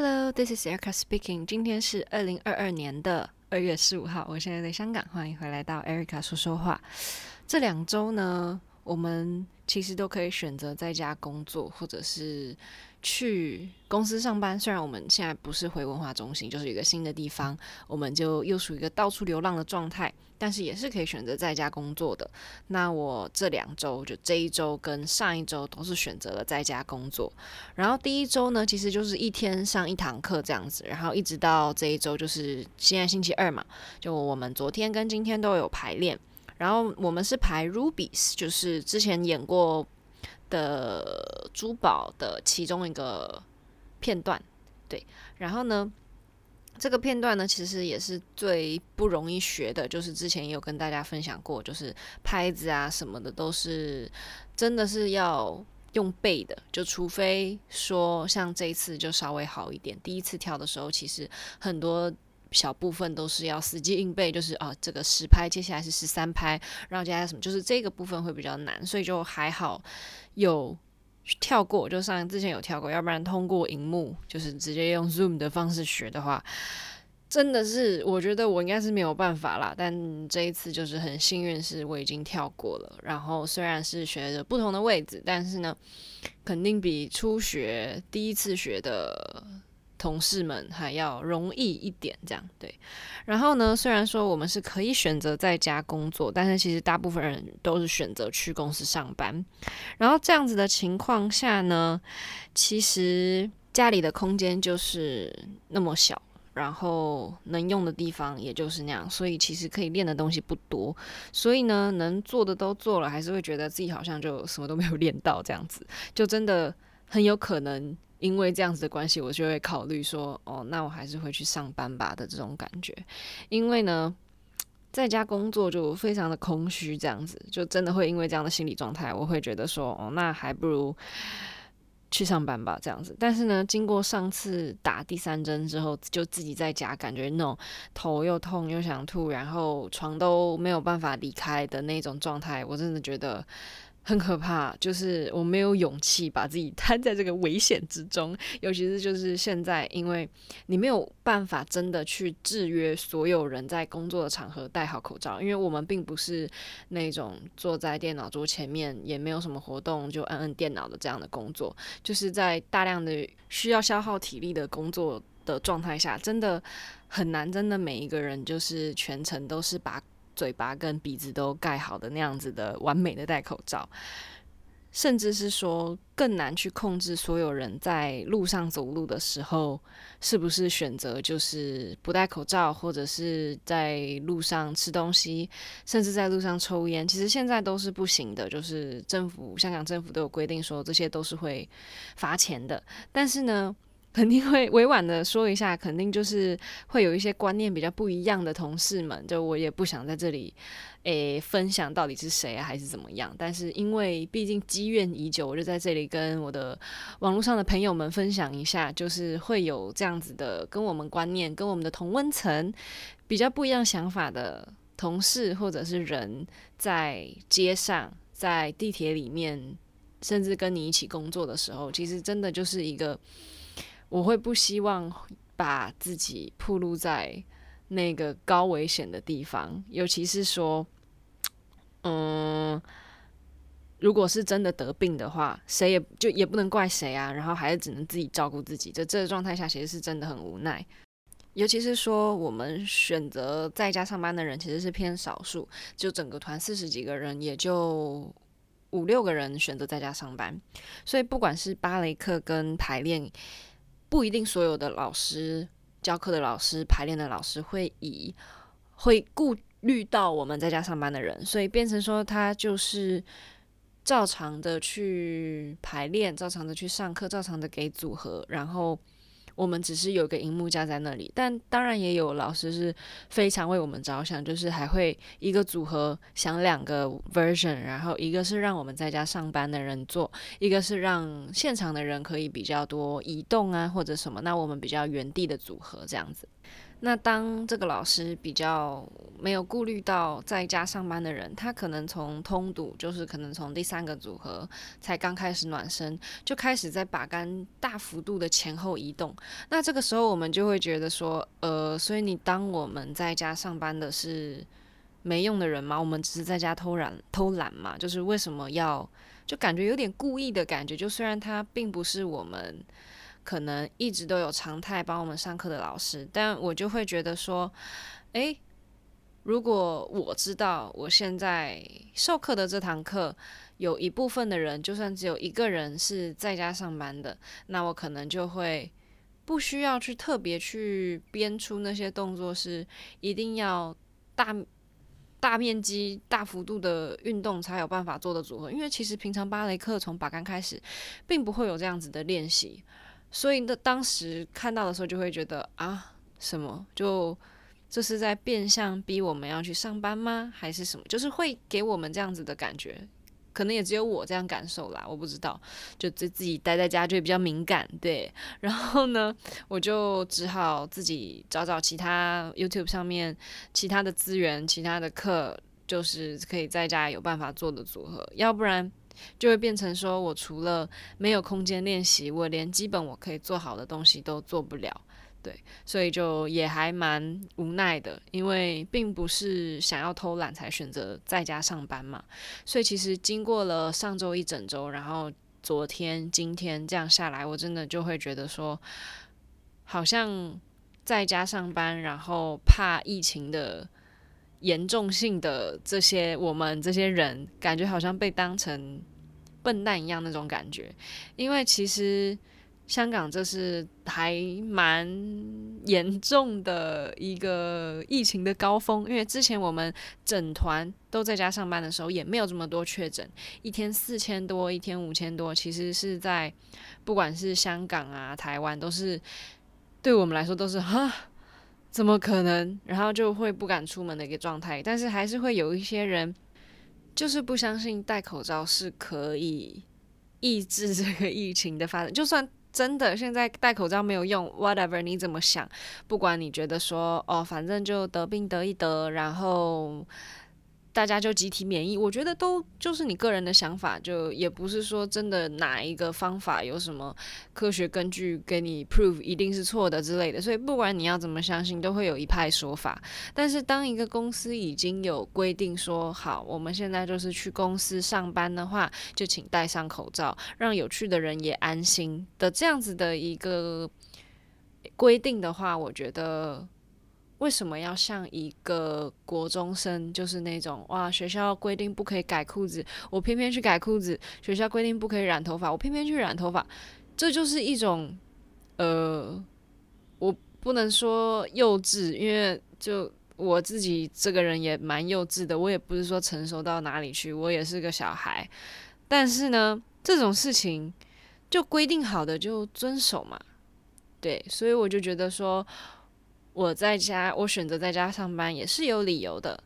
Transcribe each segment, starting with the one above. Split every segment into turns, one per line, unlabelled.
Hello, this is Erica speaking. 今天是二零二二年的二月十五號，我現在在香港，歡迎回來到 Erica 說說話。這兩周呢，我們其實都可以選擇在家工作，或者是去公司上班。雖然我們現在不是回文化中心，就是一個新的地方，我們就又屬於一個到處流浪的狀態。但是也是可以選擇在家工作的。那我這兩周就這一周跟上一周都是選擇了在家工作。然後第一周呢，其實就是一天上一堂課這樣子。然後一直到這一周，就是現在星期二嘛，就我們昨天跟今天都有排練。然後我們是排《Rubies》，就是之前演過的珠寶的其中一個片段。對，然後呢？這個片段呢，其實也是最不容易學的，就是之前也有跟大家分享過，就是拍子啊什麼的，都是真的是要用背的，就除非說像這一次就稍微好一點，第一次跳的時候，其實很多小部分都是要死記硬背，就是啊這個十拍，接下來是十三拍，然後接下來什麼，就是這個部分會比較難，所以就還好有。跳過我就上，之前有跳過，要不然通過熒幕，就是直接用 Zoom 的方式學的話，真的是我覺得我應該是沒有辦法啦。但這一次就是很幸運是我已經跳過了，然後雖然是學着不同的位置，但是呢，肯定比初學第一次學的。同事們還要容易一點，這樣對。然後呢，雖然說我們是可以選擇在家工作，但是其實大部分人都是選擇去公司上班。然後這樣子的情況下呢，其實家裡的空間就是那麼小，然後能用的地方也就是那樣，所以其實可以練的東西不多。所以呢，能做的都做了，還是會覺得自己好像就什麼都沒有練到，這樣子就真的很有可能。因為這樣子的關係，我就會考慮說，哦，那我還是會去上班吧的這種感覺。因為呢，在家工作就非常的空虛，這樣子就真的會，因為這樣的心理狀態，我會覺得說，哦，那還不如去上班吧這樣子。但是呢，經過上次打第三針之後，就自己在家感覺那種頭又痛又想吐，然後床都沒有辦法離開的那種狀態，我真的覺得。很可怕，就是我沒有勇氣把自己攤在這個危險之中，尤其是就是現在，因為你沒有辦法真的去制約所有人在工作的場合戴好口罩，因為我們並不是那種坐在電腦桌前面也沒有什麼活動就按按電腦的這樣的工作，就是在大量的需要消耗體力的工作的狀態下，真的很難，真的每一個人就是全程都是把。嘴巴跟鼻子都蓋好的那樣子的完美的戴口罩，甚至是說更難去控制所有人在路上走路的時候是不是選擇就是不戴口罩，或者是在路上吃東西，甚至在路上抽煙，其實現在都是不行的。就是政府，香港政府都有規定說這些都是會罰錢的，但是呢，肯定會委婉地說一下，肯定就是會有一些觀念比較不一樣的同事們，就我也不想在這裡誒、欸、分享到底是誰、啊、還是怎麼樣。但是因為畢竟積怨已久，我就在這裡跟我的網絡上的朋友們分享一下，就是會有這樣子的跟我們觀念、跟我們的同溫層比較不一樣想法的同事或者是人，在街上、在地鐵裡面，甚至跟你一起工作的時候，其實真的就是一個。我會不希望把自己暴露在那個高危險的地方，尤其是說，嗯，如果是真的得病的話，誰也就也不能怪誰啊。然後還是只能自己照顧自己。在這個狀態下，其實是真的很無奈。尤其是說，我們選擇在家上班的人其實是偏少數，就整個團四十幾個人，也就五六個人選擇在家上班。所以不管是芭蕾課跟排練，不一定所有的老師教課的老師排練的老師會以會顧慮到我們在家上班的人，所以變成說他就是照常的去排練，照常的去上課，照常的給組合，然後。我們只是有個熒幕架在那裡，但當然也有老師是非常為我們着想，就是還會一個組合想兩個 version，然後一個是讓我們在家上班的人做，一個是讓現場的人可以比較多移動啊或者什麼，那我們比較原地的組合這樣子。那當這個老師比較沒有顧慮到在家上班的人，他可能從通讀，就是可能從第三個組合才剛開始暖身，就開始在把杆大幅度的前後移動。那這個時候我們就會覺得說，呃，所以你當我們在家上班的是沒用的人嗎？我們只是在家偷懶，偷懶嘛？就是為什麼要，就感覺有點故意的感覺？就雖然他並不是我們。可能一直都有常態幫我們上課的老師，但我就會覺得說，誒、欸，如果我知道我現在授課的這堂課有一部分的人，就算只有一個人是在家上班的，那我可能就會不需要去特別去編出那些動作是一定要大大面積、大幅度的運動才有辦法做的組合，因為其實平常芭蕾課從把杆開始，並不會有這樣子的練習。所以呢，當時看到的時候就會覺得啊，什麼？就這是在變相逼我們要去上班嗎？還是什麼？就是會給我們這樣子的感覺，可能也只有我這樣感受啦，我不知道。就自自己待在家就比較敏感，對。然後呢，我就只好自己找找其他 YouTube 上面其他的資源、其他的課，就是可以在家有辦法做的組合，要不然。就會變成說，我除了沒有空間練習，我連基本我可以做好的東西都做不了，對，所以就也還蠻無奈的，因為並不是想要偷懶才選擇在家上班嘛。所以其實經過了上周一整周，然後昨天、今天這樣下來，我真的就會覺得說，好像在家上班，然後怕疫情的。嚴重性的這些，我們這些人感覺好像被當成笨蛋一樣那種感覺，因為其實香港這是還蠻嚴重的一個疫情的高峰，因為之前我們整團都在家上班的時候也沒有這麼多確診，一天四千多，一天五千多，其實是在不管是香港啊、台灣，都是對我們來說都是呵。怎麼可能？然後就會不敢出門的一個狀態，但是還是會有一些人就是不相信戴口罩是可以抑制這個疫情的發展。就算真的現在戴口罩沒有用，whatever，你怎麼想，不管你覺得說哦，反正就得病得一得，然後。大家就集體免疫，我覺得都就是你個人的想法，就也不是說真的哪一個方法有什麼科學根據給你 prove 一定是錯的之類的。所以不管你要怎麼相信，都會有一派說法。但是當一個公司已經有規定說好，我們現在就是去公司上班的話，就請戴上口罩，讓有趣的人也安心的這樣子的一個規定的話，我覺得。為什麼要像一個國中生，就是那種哇，學校規定不可以改褲子，我偏偏去改褲子；學校規定不可以染頭髮，我偏偏去染頭髮。這就是一種，呃，我不能說幼稚，因為就我自己這個人也蠻幼稚的，我也不是說成熟到哪裡去，我也是個小孩。但是呢，這種事情就規定好的就遵守嘛，對，所以我就覺得說。我在家，我選擇在家上班也是有理由的。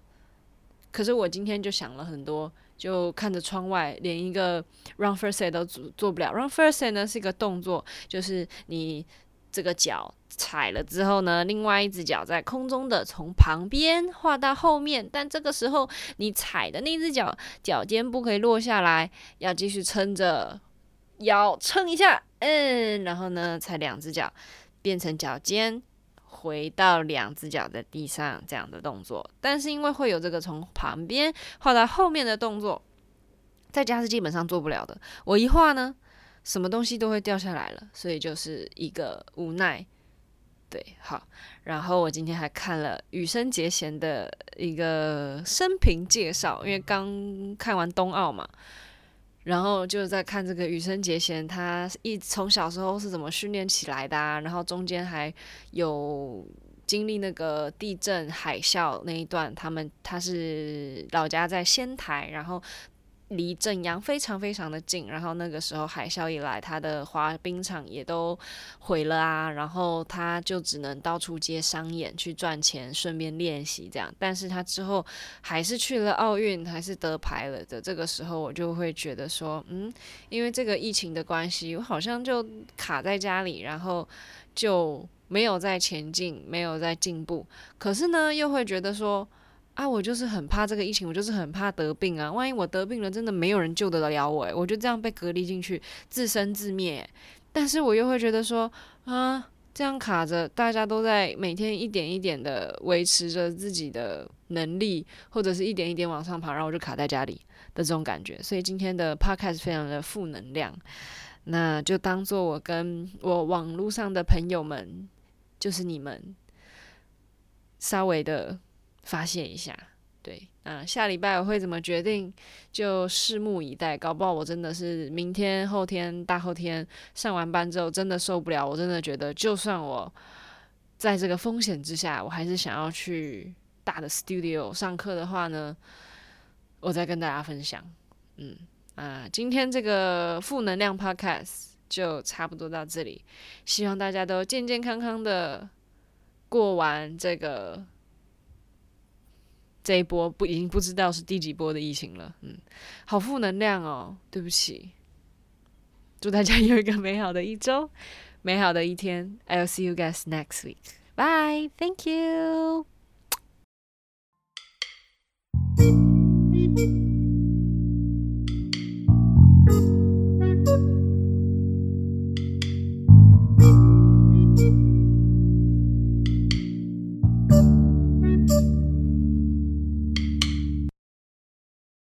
可是我今天就想了很多，就看着窗外，連一個 run first set 都做做不了。run first set 呢是一個動作，就是你這個腳踩了之後呢，另外一隻腳在空中的從旁邊畫到後面，但這個時候你踩的那隻腳腳尖不可以落下來，要繼續撐着，要撐一下，嗯，然後呢踩兩隻腳變成腳尖。回到兩隻腳在地上這樣的動作，但是因為會有這個從旁邊畫到後面的動作，在家是基本上做不了的，我一畫呢，什麼東西都會掉下來了，所以就是一個無奈。對，好，然後我今天還看了羽生結弦的一個生平介紹，因為剛看完冬奧嘛。然後就是在看這個羽生結弦，他一從小時候是怎麼訓練起來的啊，然後中間還有經歷那個地震海嘯那一段。他們，他是老家在仙台，然後。離震央非常非常的近，然後那個時候海嘯一來，他的滑冰場也都毀了啊，然後他就只能到處接商演去賺錢，順便練習這樣。但是他之後還是去了奧運，還是得牌了的。這個時候我就會覺得說，嗯，因為這個疫情的關係，我好像就卡在家裡，然後就沒有再前進，沒有再進步。可是呢，又會覺得說。啊，我就是很怕這個疫情，我就是很怕得病啊！萬一我得病了，真的沒有人救得了我，哎，我就這樣被隔離進去，自生自滅。但是我又會覺得說，啊，這樣卡着，大家都在每天一點一點的維持着自己的能力，或者是一點一點往上爬，然後我就卡在家裡，的這種感覺。所以今天的 Podcast 非常的負能量，那就當做我跟我網絡上的朋友們，就是你們，稍微的。發洩一下，對，啊，下禮拜我會怎麼決定，就拭目以待。搞不好我真的是明天、後天、大後天上完班之後真的受不了，我真的覺得就算我在這個風險之下，我還是想要去大的 studio 上課的話呢，我再跟大家分享。嗯啊，今天這個負能量 podcast 就差不多到這裡，希望大家都健健康康的過完這個。這一波不已經不知道是第幾波的疫情了，嗯，好負能量哦，對不起，祝大家有一個美好的一周，美好的一天，I'll see you guys next week. Bye, thank you.